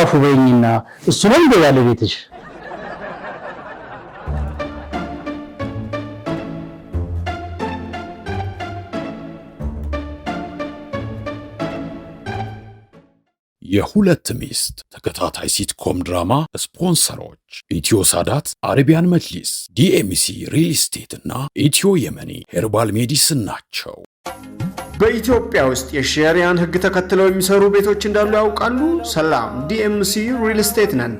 አፉ በይኝና እሱ ነው እንደ ባለቤትሽ የሁለት ሚስት ተከታታይ ሲትኮም ድራማ ስፖንሰሮች ኢትዮ ሳዳት፣ አረቢያን መጅሊስ፣ ዲኤምሲ ሪል ስቴት እና ኢትዮ የመኒ ሄርባል ሜዲስን ናቸው። በኢትዮጵያ ውስጥ የሼሪያን ህግ ተከትለው የሚሰሩ ቤቶች እንዳሉ ያውቃሉ? ሰላም፣ ዲኤምሲ ሪል ስቴት ነን።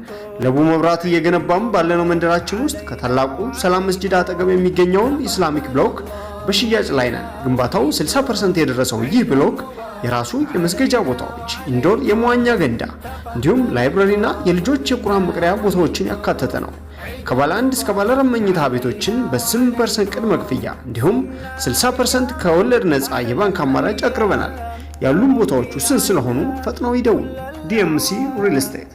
ለቡ መብራት እየገነባም ባለነው መንደራችን ውስጥ ከታላቁ ሰላም መስጂድ አጠገብ የሚገኘውን ኢስላሚክ ብሎክ በሽያጭ ላይ ነን። ግንባታው 60% የደረሰው ይህ ብሎክ የራሱ የመስገጃ ቦታዎች፣ ኢንዶር የመዋኛ ገንዳ እንዲሁም ላይብረሪና የልጆች የቁራን መቅሪያ ቦታዎችን ያካተተ ነው። ከባለ አንድ እስከ ባለ አራት መኝታ ቤቶችን በ8 ፐርሰንት ቅድመ ክፍያ እንዲሁም 60 ፐርሰንት ከወለድ ነፃ የባንክ አማራጭ አቅርበናል። ያሉን ቦታዎች ውስን ስለሆኑ ፈጥነው ይደውሉ። ዲኤምሲ ሪል ስቴት።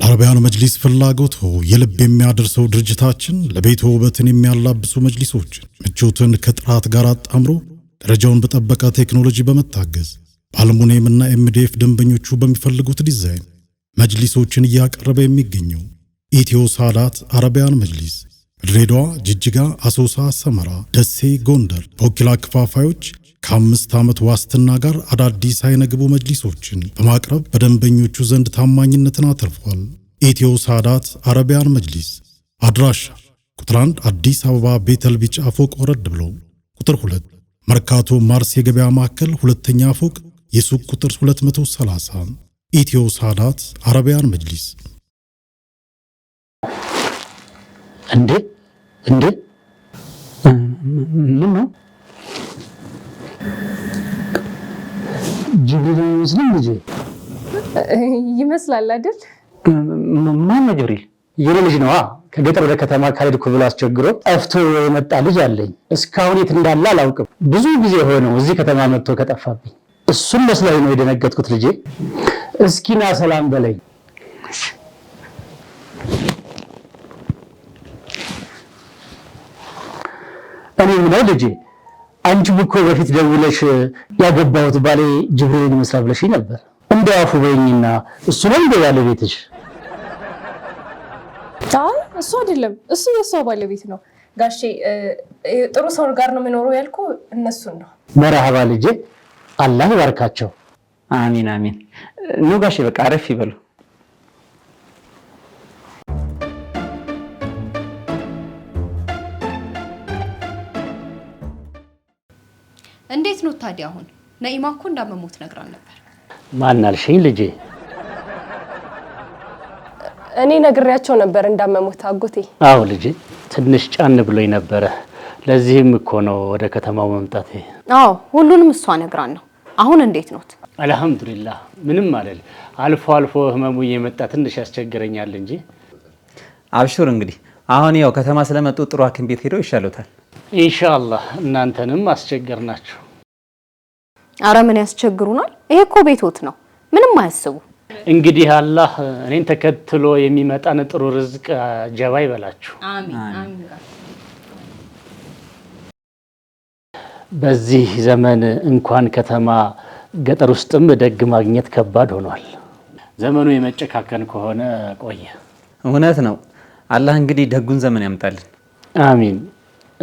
ለአረቢያን መጅሊስ ፍላጎቶ የልብ የሚያደርሰው ድርጅታችን ለቤቱ ውበትን የሚያላብሱ መጅሊሶችን ምቾትን ከጥራት ጋር አጣምሮ ደረጃውን በጠበቀ ቴክኖሎጂ በመታገዝ በአልሙኒየምና ኤምዲኤፍ ደንበኞቹ በሚፈልጉት ዲዛይን መጅሊሶችን እያቀረበ የሚገኘው ኢትዮ ሳላት አረቢያን መጅሊስ ድሬዳዋ፣ ጅጅጋ፣ አሶሳ፣ ሰመራ፣ ደሴ፣ ጎንደር በወኪላ ክፋፋዮች ከአምስት ዓመት ዋስትና ጋር አዳዲስ አይነግቡ መጅሊሶችን በማቅረብ በደንበኞቹ ዘንድ ታማኝነትን አትርፏል። ኢትዮ ሳዳት አረቢያን መጅሊስ አድራሻ ቁጥር 1 አዲስ አበባ ቤተል ቢጫ ፎቅ ወረድ ብሎ፣ ቁጥር 2 መርካቶ ማርስ የገበያ ማዕከል ሁለተኛ ፎቅ የሱቅ ቁጥር 230 ኢትዮ ሳዳት አረቢያን መጅሊስ እንዴ እንዴ ምን ነው ጅብሪል አይመስልም ልጅ ይመስላል አይደል ማን ነው ጅብሪል የኔ ልጅ ነዋ ከገጠር ወደ ከተማ ካልሄድኩ ብሎ አስቸግሮ ጠፍቶ የመጣ ልጅ አለኝ እስካሁን የት እንዳለ አላውቅም ብዙ ጊዜ ሆነው እዚህ ከተማ መጥቶ ከጠፋብኝ እሱን መስላዊ ነው የደነገጥኩት ልጄ እስኪና ሰላም በለኝ እኔ የምለው ልጄ አንቺም እኮ በፊት ደውለሽ ያገባሁት ባሌ ጅብሪልን ይመስላል ብለሽ ነበር። እንደ አፉ በይኝና እሱ ነው እንደ ባለቤትሽ? አይ እሱ አይደለም፣ እሱ የእሷ ባለቤት ነው። ጋሼ ጥሩ ሰው ጋር ነው የሚኖረው ያልኩ እነሱን ነው። መርሃባ ልጄ፣ አላህ ይባርካቸው። አሚን አሚን። ነው ጋሼ፣ በቃ አረፍ ይበሉ። እንዴት ነው ታዲያ? አሁን ነኢማ እኮ እንዳመሞት ነግራን ነበር። ማናልሽኝ ልጄ? እኔ ነግሬያቸው ነበር እንዳመሞት አጎቴ። አዎ ልጄ፣ ትንሽ ጫን ብሎኝ ነበረ። ለዚህም እኮ ነው ወደ ከተማው መምጣት አዎ ሁሉንም እሷ ነግራን ነው። አሁን እንዴት ኖት? አልሐምዱሊላ ምንም አለል። አልፎ አልፎ ህመሙ እየመጣ ትንሽ ያስቸግረኛል እንጂ። አብሹር እንግዲህ አሁን ያው ከተማ ስለመጡ ጥሩ ሐኪም ቤት ሄደው ይሻሉታል። ኢንሻአላህ እናንተንም አስቸገር ናቸው። አረ ምን ያስቸግሩናል? ይሄ እኮ ቤቶት ነው። ምንም አያስቡ። እንግዲህ አላህ እኔን ተከትሎ የሚመጣን ጥሩ ርዝቅ ጀባ ይበላችሁ። በዚህ ዘመን እንኳን ከተማ ገጠር ውስጥም ደግ ማግኘት ከባድ ሆኗል። ዘመኑ የመጨካከን ከሆነ ቆየ። እውነት ነው። አላህ እንግዲህ ደጉን ዘመን ያምጣልን። አሚን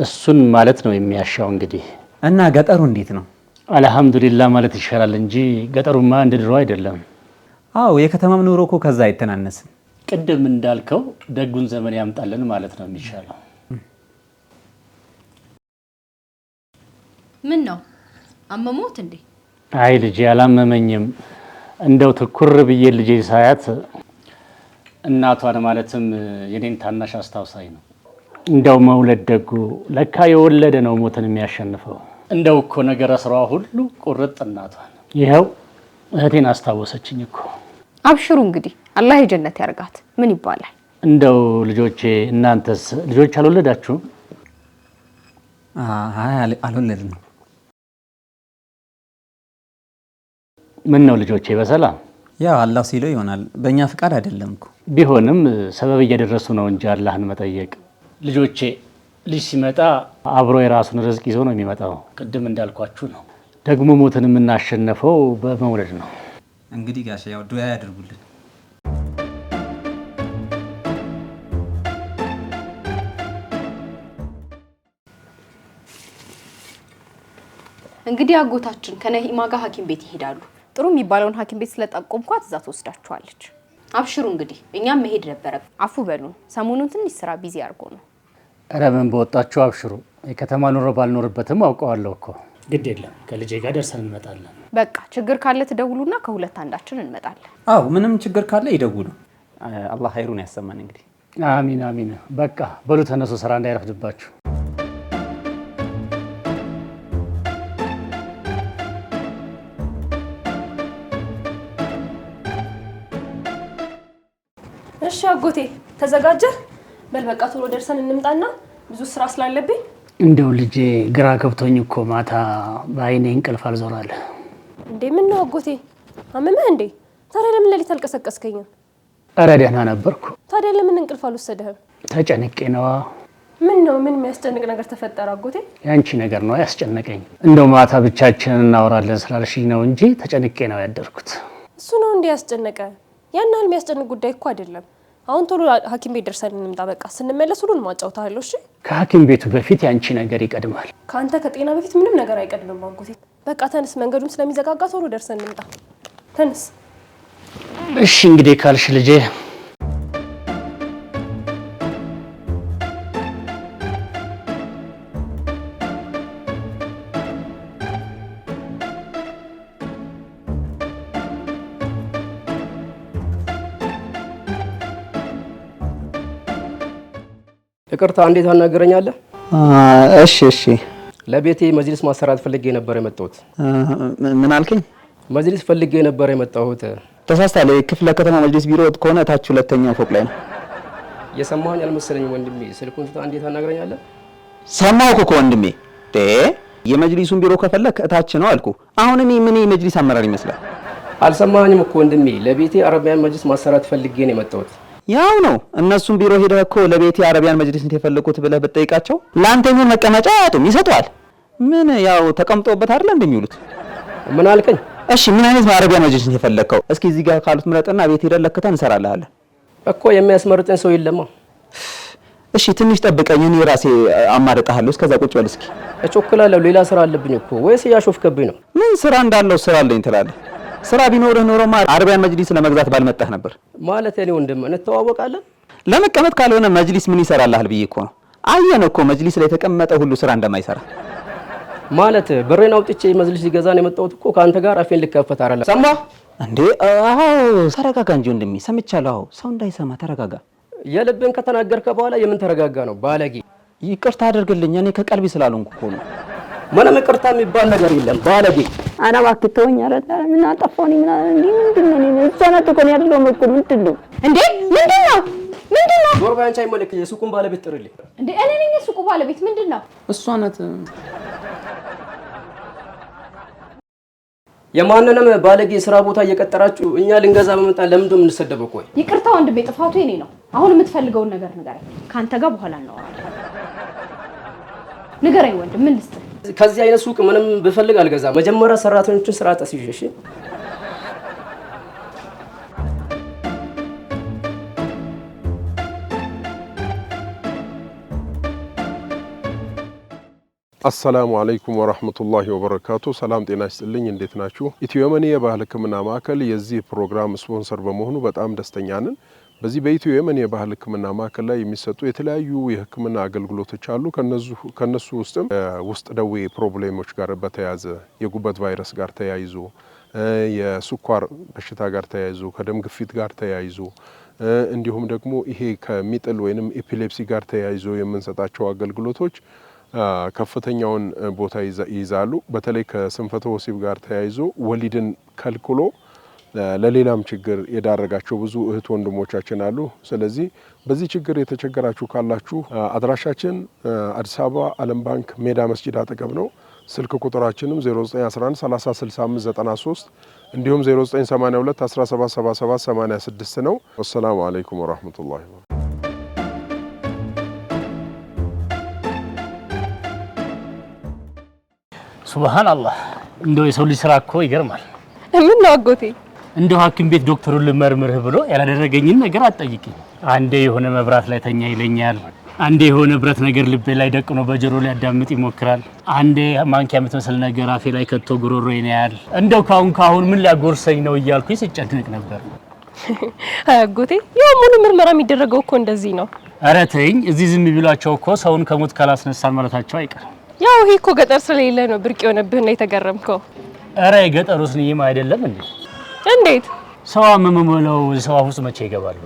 እሱን ማለት ነው የሚያሻው እንግዲህ እና ገጠሩ እንዴት ነው? አልሐምዱሊላህ ማለት ይሻላል እንጂ ገጠሩማ እንደ ድሮ አይደለም። አዎ የከተማም ኑሮ እኮ ከዛ አይተናነስም። ቅድም እንዳልከው ደጉን ዘመን ያምጣልን ማለት ነው የሚሻለው። ምን ነው አመሞት እንዴ? አይ ልጄ አላመመኝም። እንደው ትኩር ብዬ ልጄ ሳያት እናቷን ማለትም የኔን ታናሽ አስታውሳኝ ነው እንደው መውለድ ደጉ ለካ የወለደ ነው ሞትን የሚያሸንፈው። እንደው እኮ ነገረ ስራ ሁሉ ቁርጥ እናቷን ይኸው እህቴን አስታወሰችኝ እኮ። አብሽሩ እንግዲህ አላህ የጀነት ያርጋት። ምን ይባላል? እንደው ልጆቼ እናንተስ ልጆች አልወለዳችሁም? አልወለድም። ምን ነው ልጆቼ በሰላም ያው አላህ ሲለው ይሆናል። በእኛ ፍቃድ አይደለም እኮ ቢሆንም ሰበብ እየደረሱ ነው እንጂ አላህን መጠየቅ ልጆቼ ልጅ ሲመጣ አብሮ የራሱን ርዝቅ ይዞ ነው የሚመጣው። ቅድም እንዳልኳችሁ ነው። ደግሞ ሞትን የምናሸነፈው በመውለድ ነው። እንግዲህ ጋሻ ያው ዱያ ያደርጉልን። እንግዲህ አጎታችን ከነሂማ ጋር ሐኪም ቤት ይሄዳሉ። ጥሩ የሚባለውን ሐኪም ቤት ስለጠቆምኳት እዛ ትወስዳችኋለች። አብሽሩ እንግዲህ እኛም መሄድ ነበረብን። አፉ በሉ ሰሞኑን ትንሽ ስራ ቢዚ አድርጎ ነው ረምን በወጣችሁ አብሽሩ። የከተማ ኑሮ ባልኖርበትም አውቀዋለሁ እኮ። ግድ የለም ከልጄ ጋር ደርሰን እንመጣለን። በቃ ችግር ካለ ትደውሉና ከሁለት አንዳችን እንመጣለን። አዎ ምንም ችግር ካለ ይደውሉ። አላህ ሀይሩን ያሰማን። እንግዲህ አሚን አሚን። በቃ በሉ ተነሱ፣ ስራ እንዳይረፍድባችሁ። እሺ አጎቴ ተዘጋጀ? በል በቃ ቶሎ ደርሰን እንምጣና ብዙ ስራ ስላለብኝ እንደው ልጄ ግራ ገብቶኝ እኮ ማታ በአይኔ እንቅልፍ አልዞራለ። እንዴ ምን ነው አጎቴ አመመህ እንዴ? ታዲያ ለምን ሌሊት አልቀሰቀስከኝም? እረ ደህና ነበርኩ። ታዲያ ለምን እንቅልፍ አልወሰደህም? ተጨንቄ ነዋ። ምን ነው ምን የሚያስጨንቅ ነገር ተፈጠረ አጎቴ? ያንቺ ነገር ነው ያስጨነቀኝ። እንደው ማታ ብቻችን እናወራለን ስላልሽኝ ነው እንጂ ተጨንቄ ነው ያደርኩት። እሱ ነው እንዴ ያስጨነቀ? ያን ያህል የሚያስጨንቅ ጉዳይ እኮ አይደለም። አሁን ቶሎ ሐኪም ቤት ደርሰን እንምጣ። በቃ ስንመለስ ሁሉን ማጫውታለሁ። እሺ። ከሐኪም ቤቱ በፊት ያንቺ ነገር ይቀድማል። ከአንተ ከጤና በፊት ምንም ነገር አይቀድምም። አንኩት በቃ ተንስ፣ መንገዱም ስለሚዘጋጋ ቶሎ ደርሰን እንምጣ። ተንስ። እሺ እንግዲህ ካልሽ ልጄ ይቅርታ፣ እንዴት አናገረኛለህ? እሺ፣ እሺ። ለቤቴ መጅልስ ማሰራት ፈልጌ ነበር የመጣሁት። ምን አልከኝ? መጅልስ ፈልጌ ነበር የመጣሁት። ተሳስተሃል። ክፍለ ከተማ መጅልስ ቢሮ ከሆነ ታች ሁለተኛው ፎቅ ላይ ነው። የሰማኸኝ አልመሰለኝም ወንድሜ። ስልኩን ትታ እንዴት አናገረኛለህ? ሰማሁህ እኮ ወንድሜ። የመጅሊሱን ቢሮ ከፈለክ እታች ነው አልኩ። አሁን እኔ ምን የመጅሊስ አመራር ይመስላል? አልሰማኸኝም እኮ ወንድሜ። ለቤቴ አረቢያን መጅሊስ ማሰራት ፈልጌ ነው የመጣሁት። ያው ነው። እነሱም ቢሮ ሄደህ እኮ ለቤት የአረቢያን መጅሊስ የፈለጉት ብለህ ብጠይቃቸው ለአንተ የሚሆን መቀመጫ አያጡም፣ ይሰጠዋል። ምን ያው ተቀምጦበት አይደለ እንደሚውሉት። ምን አልከኝ? እሺ ምን አይነት አረቢያን መጅሊስ የፈለግከው? እስኪ እዚህ ጋር ካሉት ምረጥና ቤት ሄደህ ለክተህ እንሰራልሃለን። እኮ የሚያስመርጠኝ ሰው የለማ። እሺ ትንሽ ጠብቀኝ፣ እኔ ራሴ አማርጣለሁ። እስከዛ ቁጭ በል እስኪ። እጮክላለሁ። ሌላ ስራ አለብኝ እኮ። ወይስ እያሾፍከብኝ ነው? ምን ስራ እንዳለው ስራ አለኝ ትላለህ ስራ ቢኖርህ ኖሮማ አርቢያን መጅሊስ ለመግዛት ባልመጣህ ነበር። ማለት እኔ ወንድም እንተዋወቃለን። ለመቀመጥ ካልሆነ መጅሊስ ምን ይሰራልሃል ብዬ እኮ ነው። አየን እኮ መጅሊስ ላይ የተቀመጠ ሁሉ ስራ እንደማይሰራ ማለት ብሬን አውጥቼ መጅሊስ ሊገዛ ነው የመጣሁት እኮ ከአንተ ጋር አፌን ልከፈት አለ። ሰማ እንዴ? አዎ ተረጋጋ እንጂ ወንድሜ፣ ሰምቻለሁ። አዎ ሰው እንዳይሰማ ተረጋጋ። የልብን ከተናገርከ በኋላ የምን ተረጋጋ ነው ባለጌ። ይቅርታ አድርግልኝ እኔ ከቀልቢ ስላልሆንኩ እኮ ነው። ምንም ይቅርታ የሚባል ነገር የለም። ባለጌ አናባክተውኝ ኧረ ምን አጠፋሁ እኔ ምንድን ነው ህፃናት እኮ ነው እኮ ምንድን ነው እንዴ ምንድን ነው ምንድን ነው ዞር በይ አንቺ አይመለከትሽም የሱቁን ባለቤት ጥሪልኝ እንዴ እኔ ነኝ የሱቁ ባለቤት ምንድን ነው እሷ ናት የማንንም ባለጌ ስራ ቦታ እየቀጠራችሁ እኛ ልንገዛ በመጣን ለምንድ ነው የምንሰደበው ቆይ ይቅርታ ወንድሜ ጥፋቱ የኔ ነው አሁን የምትፈልገውን ነገር ንገረኝ ከአንተ ጋር በኋላ እናወራለን ንገረኝ ወንድም ምን ልስጥህ ከዚህ አይነት ሱቅ ምንም ብፈልግ አልገዛም። መጀመሪያ ሰራተኞችን ስራ ጠስይዤሽ አሰላሙ አለይኩም ወራህመቱላሂ ወበረካቱ። ሰላም ጤና ይስጥልኝ። እንዴት ናችሁ? ኢትዮመኒ የባህል ሕክምና ማዕከል የዚህ ፕሮግራም ስፖንሰር በመሆኑ በጣም ደስተኛ ነን። በዚህ በኢትዮ የመን የባህል ሕክምና ማዕከል ላይ የሚሰጡ የተለያዩ የሕክምና አገልግሎቶች አሉ። ከነሱ ውስጥም ውስጥ ደዌ ፕሮብሌሞች ጋር በተያያዘ የጉበት ቫይረስ ጋር ተያይዞ የስኳር በሽታ ጋር ተያይዞ ከደም ግፊት ጋር ተያይዞ እንዲሁም ደግሞ ይሄ ከሚጥል ወይንም ኤፒሌፕሲ ጋር ተያይዞ የምንሰጣቸው አገልግሎቶች ከፍተኛውን ቦታ ይይዛሉ። በተለይ ከስንፈተ ወሲብ ጋር ተያይዞ ወሊድን ከልክሎ ለሌላም ችግር የዳረጋቸው ብዙ እህት ወንድሞቻችን አሉ። ስለዚህ በዚህ ችግር የተቸገራችሁ ካላችሁ አድራሻችን አዲስ አበባ ዓለም ባንክ ሜዳ መስጂድ አጠገብ ነው። ስልክ ቁጥራችንም 0911 306593 እንዲሁም 0982 177786 ነው። ወሰላሙ አለይኩም ወረህመቱላሂ ሱብሃን አላህ። እንደው የሰው ልጅ ስራ እኮ ይገርማል። ምን ነው አጎቴ እንደው ሐኪም ቤት ዶክተሩን ልመርምርህ ብሎ ያላደረገኝን ነገር አጠይቅ። አንዴ የሆነ መብራት ላይ ተኛ ይለኛል። አንዴ የሆነ ብረት ነገር ልቤ ላይ ደቅኖ በጆሮ ሊያዳምጥ ይሞክራል። አንዴ ማንኪያ የምትመስል ነገር አፌ ላይ ከቶ ጉሮሮ ይናያል። እንደው ካሁን ካሁን ምን ሊያጎርሰኝ ነው እያልኩ ስጨንቅ ነበር። አጎቴ ያው ሙሉ ምርመራ የሚደረገው እኮ እንደዚህ ነው። ኧረ ተይኝ። እዚህ ዝም ቢሏቸው እኮ ሰውን ከሞት ካላስነሳን ማለታቸው አይቀርም። ያው ይሄ እኮ ገጠር ስለሌለ ነው ብርቅ የሆነብህና የተገረምከው። ኧረ የገጠሩ ንይም አይደለም እንዴ እንዴት ሰው አመመ ብለው ሰው ውስጥ መቼ ይገባሉ?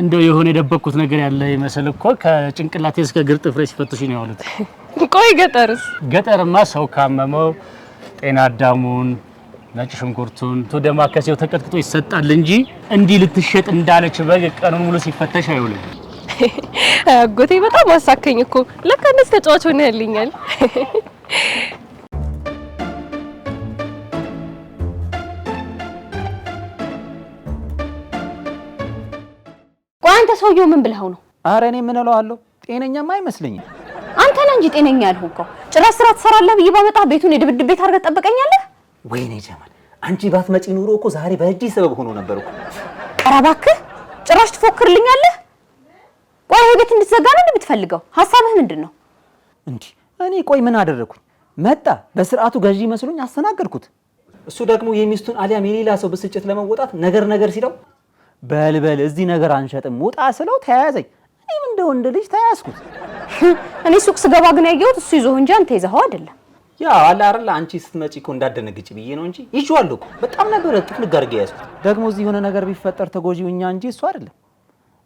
እንደው የሆነ የደበቅኩት ነገር ያለ ይመስል እኮ ከጭንቅላቴ እስከ ግር ጥፍሬ ሲፈትሽ ነው ያሉት። ቆይ ገጠርስ? ገጠርማ ሰው ካመመው ጤና አዳሙን ነጭ ሽንኩርቱን ቶደማከሴው ተቀጥቅጦ ይሰጣል እንጂ እንዲህ ልትሸጥ እንዳለች በግ ቀኑን ሙሉ ሲፈተሽ አይውልም። አጎቴ በጣም አሳከኝ እኮ ለካ እንደዚህ ተጫዋች ሆነህልኛል። አንተ ሰውየው ምን ብለኸው ነው? አረ እኔ ምን እለዋለሁ፣ ጤነኛም አይመስለኝም። አንተ ነህ እንጂ ጤነኛ እኮ። ጭራሽ ስራ ትሰራለህ ብዬ ባመጣ ቤቱን የድብድብ ቤት አድርገህ ትጠብቀኛለህ። ወይኔ ጀማል፣ አንቺ ባትመጪ ኑሮ እኮ ዛሬ በእጅ ሰበብ ሆኖ ነበር እኮ። ኧረ እባክህ ጭራሽ ትፎክርልኛለህ። ቆይ ይሄ ቤት እንድትዘጋ ነው የምትፈልገው? ሀሳብህ ምንድን ነው? እንዲ እኔ ቆይ ምን አደረግኩኝ? መጣ በስርዓቱ ገዢ መስሎኝ አስተናገድኩት። እሱ ደግሞ የሚስቱን አሊያም የሌላ ሰው ብስጭት ለመወጣት ነገር ነገር ሲለው በልበል እዚህ ነገር አንሸጥም ውጣ ስለው ተያያዘኝ። እኔም እንደ ወንድ ልጅ ተያያዝኩት። እኔ ሱቅ ስገባ ግን ያየሁት እሱ ይዞህ እንጂ አንተ ይዘኸው አይደለም። ያ አለ አይደል አንቺ ስትመጪ እኮ እንዳደነግጭ ብዬ ነው እንጂ ይዤዋለሁ እኮ በጣም ነበረ ጥፍልግ አድርጌ ያዝኩት። ደግሞ እዚህ የሆነ ነገር ቢፈጠር ተጎጂው እኛ እንጂ እሱ አይደለም።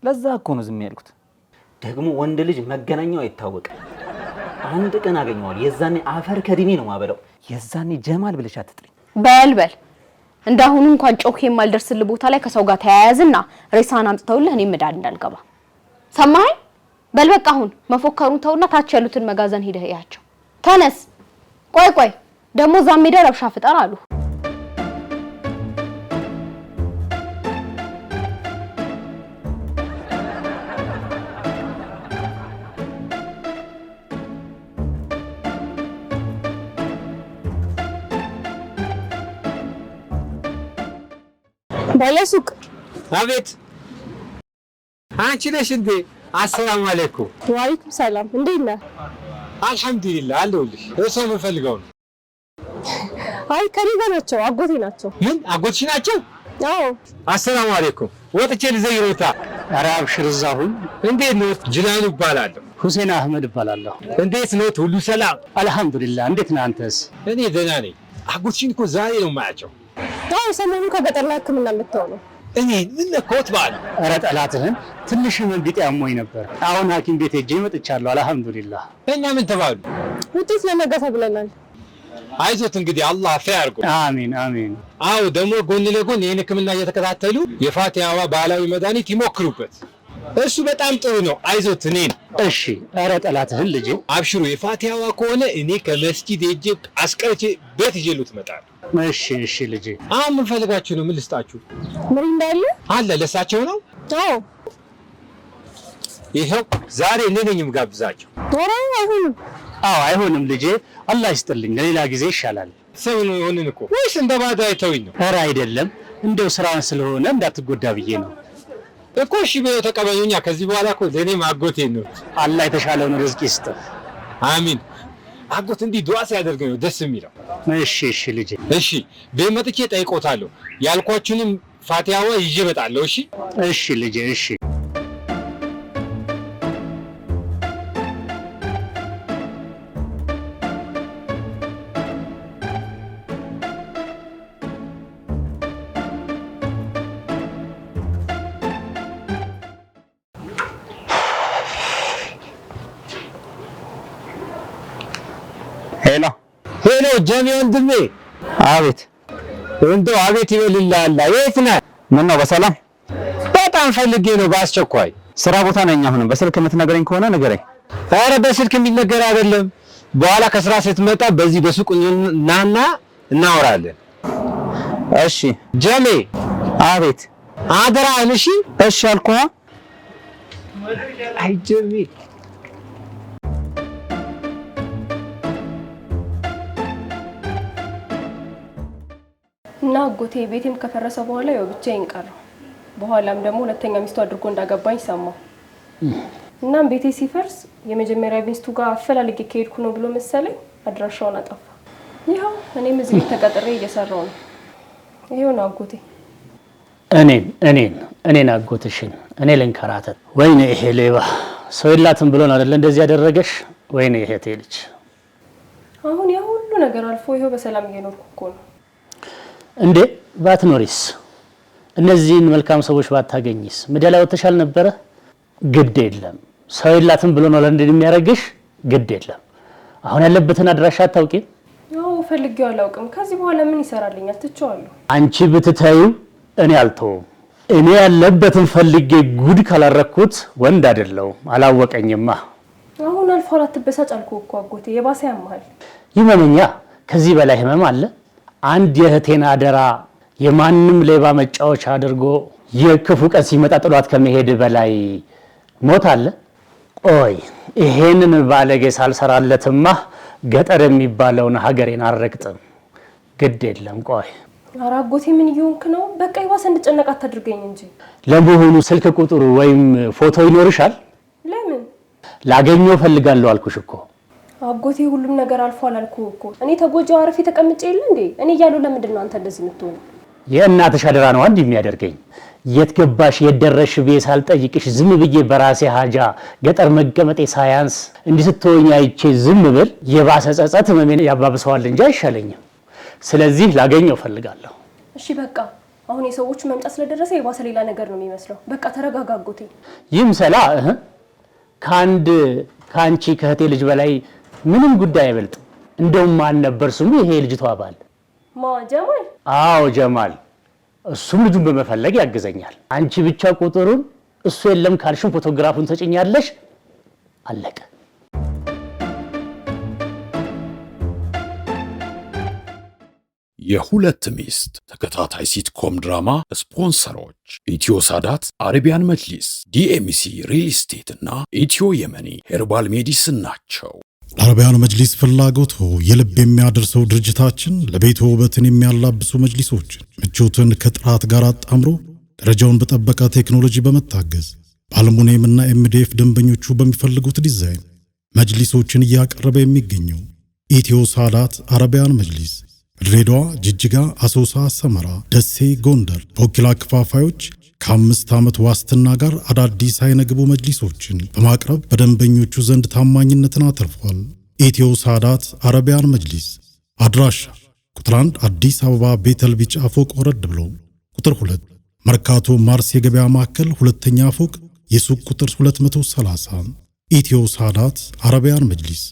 ለዛ እኮ ነው ዝም ያልኩት። ደግሞ ወንድ ልጅ መገናኛው አይታወቅ። አንድ ቀን አገኘዋል። የዛኔ አፈር ከድሜ ነው ማበለው። የዛኔ ጀማል ብለሽ አትጥሪኝ። በልበል እንዳሁኑ እንኳን ጮክ የማልደርስል ቦታ ላይ ከሰው ጋር ተያያዝና ሬሳን አምጥተውልህ እኔ መዳን እንዳልገባ ሰማኸኝ? በል በቃ አሁን መፎከሩን ተውና ታች ያሉትን መጋዘን ሂደህ ያቸው። ተነስ። ቆይ ቆይ ደግሞ እዛም ሄደህ ረብሻ ፍጠር አሉ። ሱቅ አቤት። አንቺ ነሽ እንዴ? አሰላሙ አለይኩም። ወአለይኩም ሰላም። እንዴት ነህ? አልሐምዱሊላህ አለሁልሽ። የምፈልገው ነው። አይ ከኔ ጋር ናቸው፣ አጎቴ ናቸው። ምን አጎትሽ ናቸው? አዎ። አሰላሙ አለይኩም። ወጥቼ ልዘይሮታ። ኧረ አብሽር እዛሁን። እንዴት ነው? ጅላሉ እባላለሁ። ሁሴን አህመድ እባላለሁ። እንዴት ነው? ሁሉ ሰላም? አልሐምዱሊላህ። እንዴት ነህ አንተስ? እኔ ደህና ነኝ። አጎትሽን እኮ ዛሬ ነው የማያቸው አሁን ሰሞኑ ከገጠር ላይ ሕክምና መጥተው ነው። እኔ ምን ለኮት በዓል ኧረ ጠላትህን ትንሽ ምን ቢጤ አሞኝ ነበር። አሁን ሐኪም ቤት ሄጄ መጥቻለሁ። አልሐምዱሊላህ። እና ምን ተባሉ? ውጤት ለነገ ብለናል አይዞት እንግዲህ አላህ ፌ ያርጉ። አሚን አሚን። አዎ ደግሞ ጎን ለጎን ይህን ሕክምና እየተከታተሉ የፋቲያዋ ባህላዊ መድኃኒት ይሞክሩበት። እሱ በጣም ጥሩ ነው። አይዞት እኔን። እሺ፣ ኧረ ጠላትህን ልጄ። አብሽሩ የፋቲያዋ ከሆነ እኔ ከመስጂድ ሄጄ አስቀርቼ ቤት ይዤ ሉት እመጣለሁ። እሺ፣ እሺ ልጄ። አሁን ምን ፈልጋችሁ ነው? ምን ልስጣችሁ? ምን እንዳለ አለ ለእሳቸው ነው። አዎ፣ ይኸው ዛሬ እኔ ነኝ የምጋብዛቸው። ኧረ አይሆንም። አዎ፣ አይሆንም ልጄ። አላህ ይስጥልኝ። ለሌላ ጊዜ ይሻላል። ሰው ነው የሆንን እኮ ወይስ እንደ ባዶ አይተውኝ ነው? ኧረ አይደለም፣ እንደው ስራ ስለሆነ እንዳትጎዳ ብዬ ነው እኮ እሺ ብለው ተቀበሉኛ። ከዚህ በኋላ እኮ ለእኔ አጎቴ ነው። አላህ የተሻለውን ርዝቅ ይስጥ። አሚን። አጎት እንዲህ ዱዓ ሲያደርግ ነው ደስ የሚለው። እሺ እሺ ልጅ እሺ ቤት መጥቼ ጠይቆታለሁ። ያልኳችሁንም ፋቲያዋ ይዤ እመጣለሁ። እሺ እሺ ልጅ እሺ ጀሚ ወንድሜ። አቤት እንደው አቤት ይበልልሃል። የት ነህ? ነው በሰላም በጣም ፈልጌ ነው በአስቸኳይ። ስራ ቦታ ነኝ። አሁንም በስልክ የምትነግረኝ ከሆነ ንገረኝ። አረ በስልክ የሚነገር አይደለም። በኋላ ከስራ ስትመጣ በዚህ በሱቅ ናና እናወራለን። እሺ ጀሜ። አቤት አደራህን። እሺ እሺ አልኳ አይ ጀሜ እና አጎቴ ቤቴም ከፈረሰ በኋላ ያው ብቻዬን ቀረሁ። በኋላም ደግሞ ሁለተኛ ሚስቱ አድርጎ እንዳገባኝ ሰማሁ። እናም ቤቴ ሲፈርስ የመጀመሪያ ሚስቱ ጋር አፈላልጌ ከሄድኩ ነው ብሎ መሰለኝ አድራሻውን አጠፋ። ይኸው እኔም እዚህ ቤት ተቀጥሬ እየሰራሁ ነው። ይኸውና አጎቴ እኔን እኔን እኔን አጎትሽን እኔ ልንከራተት። ወይኔ ይሄ ሌባ ሰው የላትም ብሎን አይደለ እንደዚህ ያደረገሽ? ወይኔ ይሄ ልጅ አሁን ያ ሁሉ ነገር አልፎ ይኸው በሰላም እየኖርኩ እኮ ነው እንዴ ባትኖሪስ እነዚህን መልካም ሰዎች ባታገኝስ ምድር ላይ ወጥተሻል ነበረ? ግድ የለም ሰው የላትም ብሎ ነው ለንደን የሚያደርግሽ። ግድ የለም አሁን ያለበትን አድራሻ አታውቂም? ያው ፈልጌው አላውቅም። ከዚህ በኋላ ምን ይሰራልኛል? ትቼዋለሁ። አንቺ ብትተዩ እኔ አልተውም። እኔ ያለበትን ፈልጌ ጉድ ካላረኩት ወንድ አይደለውም። አላወቀኝማ። አሁን አልፎ አላት በሳጭ እኮ አጎቴ፣ የባሰ ያመሃል። ይመመኛ ከዚህ በላይ ህመም አለ አንድ የእህቴን አደራ የማንም ሌባ መጫወቻ አድርጎ የክፉ ቀን ሲመጣ ጥሏት ከመሄድ በላይ ሞት አለ? ቆይ ይሄንን ባለጌ ሳልሰራለትማ ገጠር የሚባለውን ሀገሬን አልረግጥም። ግድ የለም ቆይ ኧረ አጎቴ ምን እየሆንክ ነው? በቃ ይባስ እንድጨነቅ አታድርገኝ እንጂ። ለመሆኑ ስልክ ቁጥሩ ወይም ፎቶ ይኖርሻል? ለምን ላገኘው እፈልጋለሁ አልኩሽ እኮ አጎቴ ሁሉም ነገር አልፎ አላልኩ እኮ እኔ ተጎጂው አረፌ ተቀምጭ የለ እንዴ? እኔ እያሉ ለምንድን ነው አንተ እንደዚህ የምትሆኑ? የእናትሽ አደራ ነው አንድ የሚያደርገኝ የት ገባሽ የት ደረሽ ብዬ ሳልጠይቅሽ ዝም ብዬ በራሴ ሀጃ ገጠር መቀመጤ ሳያንስ እንዲህ ስትሆኝ አይቼ ዝም ብል የባሰ ጸጸት ህመሜን ያባብሰዋል እንጂ አይሻለኝም። ስለዚህ ላገኘው እፈልጋለሁ። እሺ በቃ አሁን የሰዎቹ መምጫ ስለደረሰ የባሰ ሌላ ነገር ነው የሚመስለው። በቃ ተረጋጋ አጎቴ። ሰላ ከአንድ ከአንቺ ከእህቴ ልጅ በላይ ምንም ጉዳይ አይበልጥም። እንደውም ማን ነበር ስሙ ይሄ የልጅቷ አባል ጀማል? አዎ ጀማል። እሱም ልጁን በመፈለግ ያግዘኛል። አንቺ ብቻ ቁጥሩን እሱ የለም ካልሽን ፎቶግራፉን ተጭኛለሽ። አለቀ። የሁለት ሚስት ተከታታይ ሲትኮም ድራማ ስፖንሰሮች ኢትዮ ሳዳት፣ አረቢያን መጅሊስ፣ ዲኤምሲ ሪል ስቴት እና ኢትዮ የመኒ ሄርባል ሜዲስን ናቸው። ለአረቢያን መጅሊስ ፍላጎት የልብ የሚያደርሰው ድርጅታችን ለቤቱ ውበትን የሚያላብሱ መጅሊሶችን ምቾትን ከጥራት ጋር አጣምሮ ደረጃውን በጠበቀ ቴክኖሎጂ በመታገዝ በአልሙኒየምና ኤምዲኤፍ ደንበኞቹ በሚፈልጉት ዲዛይን መጅሊሶችን እያቀረበ የሚገኘው ኢትዮ ሳዳት አረቢያን መጅሊስ በድሬዳዋ፣ ጅጅጋ፣ አሶሳ፣ ሰመራ፣ ደሴ፣ ጎንደር በወኪላ ክፋፋዮች ከአምስት ዓመት ዋስትና ጋር አዳዲስ አይነ ግቡ መጅሊሶችን በማቅረብ በደንበኞቹ ዘንድ ታማኝነትን አተርፏል። ኢትዮ ሳዳት አረቢያን መጅሊስ አድራሻ ቁጥር 1 አዲስ አበባ ቤተል ቢጫ ፎቅ ወረድ ብሎ፣ ቁጥር 2 መርካቶ ማርስ የገበያ ማዕከል ሁለተኛ ፎቅ የሱቅ ቁጥር 230። ኢትዮ ሳዳት አረቢያን መጅሊስ